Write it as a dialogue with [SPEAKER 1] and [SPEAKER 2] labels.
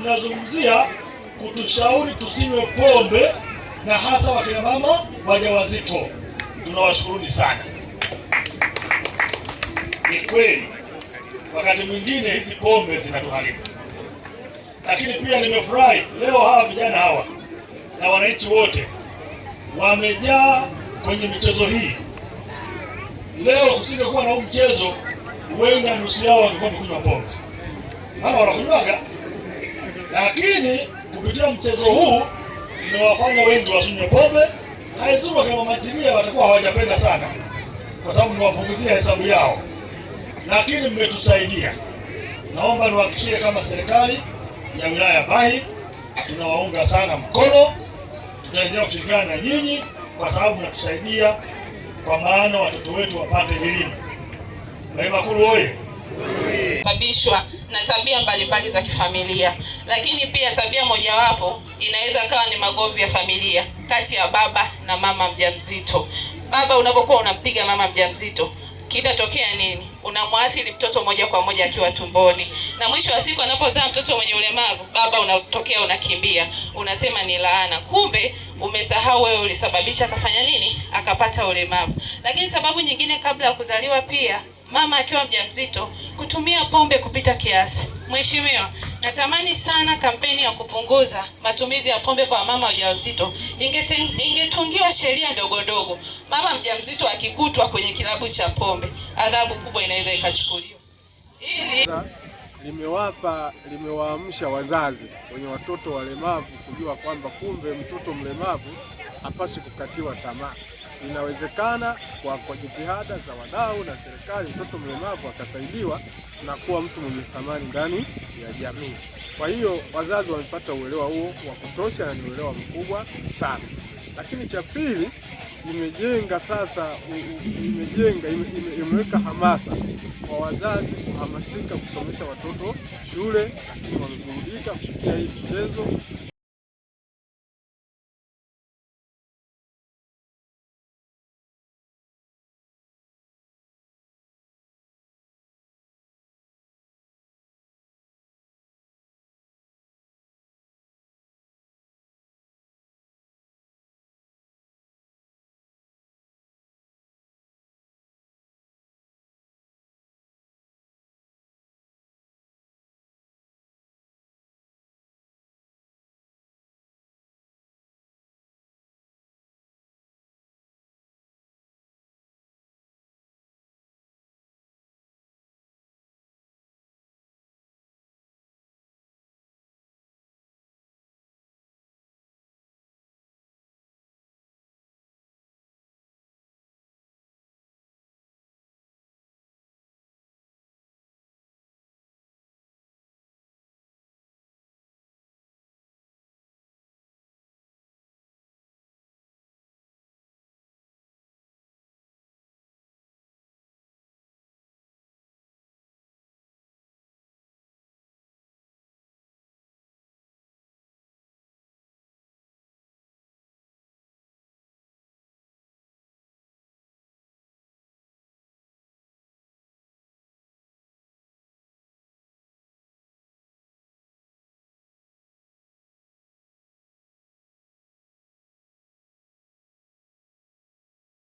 [SPEAKER 1] mnazungumzia kutushauri tusinywe pombe na hasa wakina mama wajawazito. Tunawashukuruni sana. Ni kweli wakati mwingine hizi pombe zinatuharibu, lakini pia nimefurahi leo hawa vijana hawa na wananchi wote wamejaa kwenye michezo hii leo. Usingekuwa na huu mchezo, huenda nusu yao wangekuwa wamekunywa pombe, maana wanakunywaga lakini kupitia mchezo huu mmewafanya wengi wasinywe pombe. Haizuru kama matilia watakuwa hawajapenda sana, kwa sababu mmewapunguzia hesabu yao, lakini mmetusaidia. Naomba niwahakikishie kama serikali ya wilaya ya Bahi tunawaunga sana mkono, tutaendelea kushirikiana na nyinyi kwa sababu mnatusaidia, kwa maana watoto wetu wapate elimu. Bahi Makulu oye!
[SPEAKER 2] Babishwa na tabia mbalimbali za kifamilia, lakini pia tabia mojawapo inaweza kawa ni magomvi ya familia kati ya baba na mama mjamzito. Baba unapokuwa unampiga mama mjamzito kitatokea nini? Unamwathiri mtoto moja kwa moja akiwa tumboni, na mwisho wa siku anapozaa mtoto mwenye ulemavu, baba unatokea unakimbia, unasema ni laana, kumbe umesahau wewe ulisababisha akafanya nini, akapata ulemavu. Lakini sababu nyingine kabla ya kuzaliwa pia mama akiwa mjamzito kutumia pombe kupita kiasi. Mheshimiwa, natamani sana kampeni ya kupunguza matumizi ya pombe kwa mama wajawazito ingetungiwa inge sheria ndogo ndogo. Mama mjamzito akikutwa kwenye kilabu cha pombe, adhabu kubwa inaweza ikachukuliwa.
[SPEAKER 3] Limewapa, limewaamsha wazazi wenye watoto walemavu kujua kwamba kumbe mtoto mlemavu hapaswi kukatiwa tamaa. Inawezekana kwa, kwa jitihada za wadau na serikali, mtoto mlemavu akasaidiwa na kuwa mtu mwenye thamani ndani ya jamii. Kwa hiyo wazazi wamepata uelewa huo wa kutosha na ni uelewa mkubwa sana. Lakini cha pili, imejenga sasa, imejenga imeweka hamasa kwa wazazi kuhamasika kusomesha watoto shule, lakini wameburudika kupitia hii michezo.